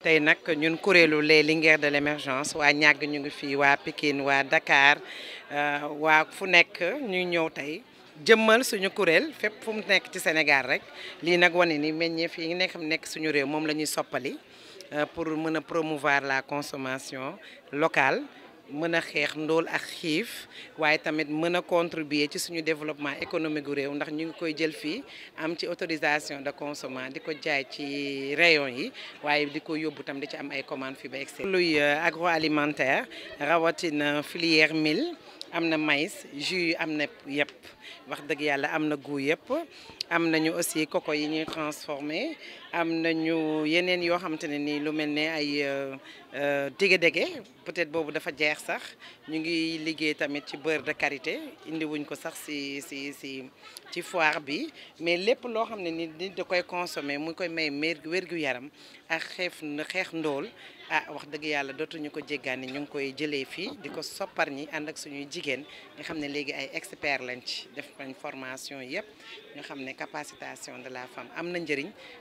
Tay nak ñun kuréelu les lingères de l'émergence wa ñag ñu ngi fi wa Pekin wa Dakar euh, wa fu nek ñu ñew tay jëmmal suñu kuréel fep fu mu nek ci Sénégal rek li nak wane ni meññe fi nek nek suñu réew mom lañuy soppali euh, pour mën promouvoir la consommation locale mën a xeex ndool ak xiif waaye tamit mën a contribuer ci suñu développement économique gu réew ndax ñu ngi koy jël fii am ci autorisation de consommation di ko jaay ci rayon yi waaye di ko yóbbu tam di ci am ay commande fi ba excès luy euh, agroalimentaire rawatina filière mille amna maïs jus amna am wax deug yalla amna goût yëpp aussi coco yi ñuy transformer am nañu yeneen yoo lu ay euh, euh, dégé peut-être bobu dafa jeex sax ñu ngi liggéey tamit ci beurre de karité indi wuñ ko sax ci ci ci foire bi mais lépp lo xam ni nit un koy consommé mu koy may wér-gu-yaram ak ah wax dëgg yàlla dootuñu ko djéggani ñu ngi koy jëlé fi diko ko soppar ñi ànd ak suñu jigéen nga xamné légui ay expert lañ ci def nañ formation yépp ñu xamné capacitation de la femme amna na da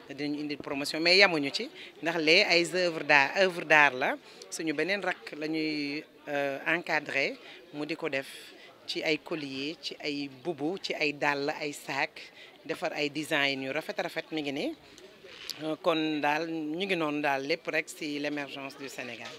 te dinañu indi promotion mais yamuñu ci ndax lé ay œuvre d'art œuvre d'art la suñu benen rak lañuy euh encadrer mu diko def ci ay collier ci ay bubu ci ay dal ay sac défar ay design yu rafet rafet mi ngi nii euh, kon dal ñu ngi l'émergence du Sénégal